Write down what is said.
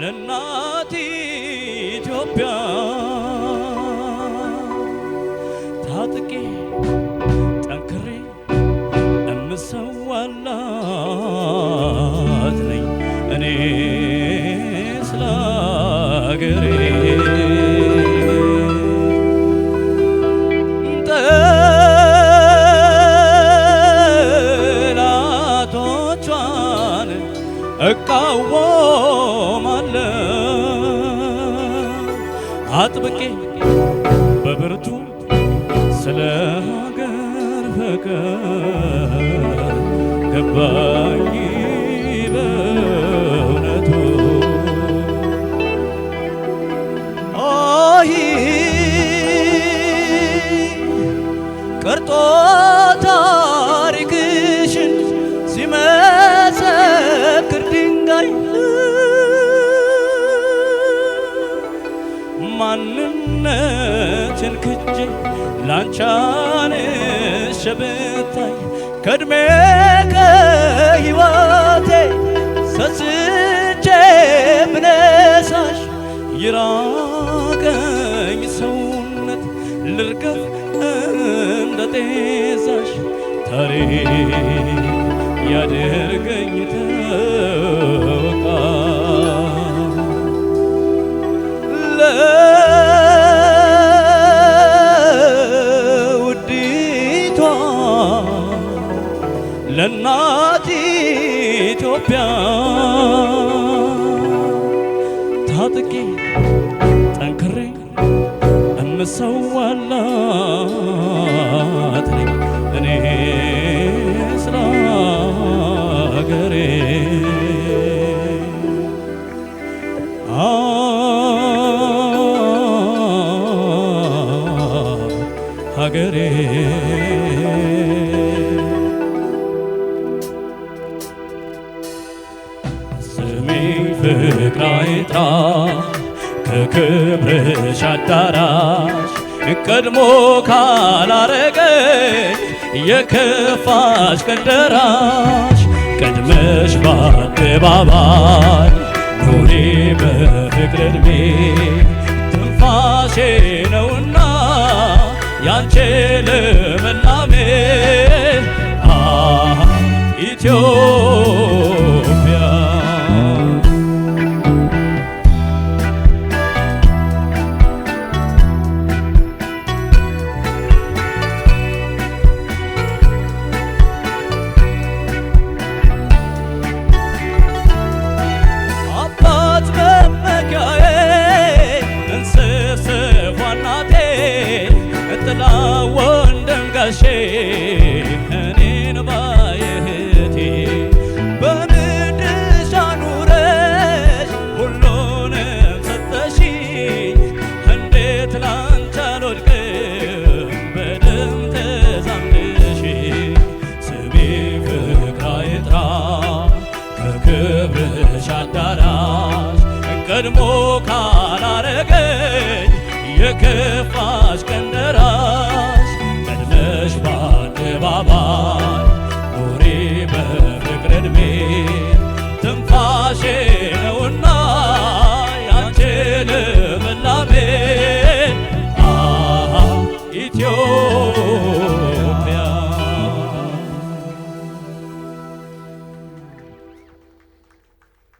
ለእናት ኢትዮጵያ ታጥቄ ጠንክሬ እምሰዋላት ነኝ። አጥብቄ በብርቱ ስለ ሀገር ፍቅር ገባኝ እንጂ ላንቻንሽ ብታይ ከድሜ ከህይወቴ ሰስቼ ብነሳሽ ይራቀኝ ሰውነት ልርገፍ እንደ ጤዛሽ ታሪክ ያደርገኝ ኢትዮጵያ ታጥቄ ጠንክሬ እምሰዋላት ነኝ እኔ ስለ ሀገሬ ሀገሬ ትግራይ ጥራ ከክብርሽ አዳራሽ ቀድሞ ካላረገኝ የከፋሽ ቀን ደራሽ ቀድመሽ በአደባባይ ኖሪ በፍቅር ዕድሜ ትንፋሴ ነውና ያንቺ ልምላሜ ኢትዮ ጋሼ እኔን ባየህቴ በምድርሽ አኑረሽ ሁሉንም ሰጠሽኝ። እንዴት ላንቺ አልወድቅም በደም ተዛምደሽ ስሜ ፍቅራ ይጥራ አዳራሽ ቀድሞ ካላረገኝ የከፋሽ ቀን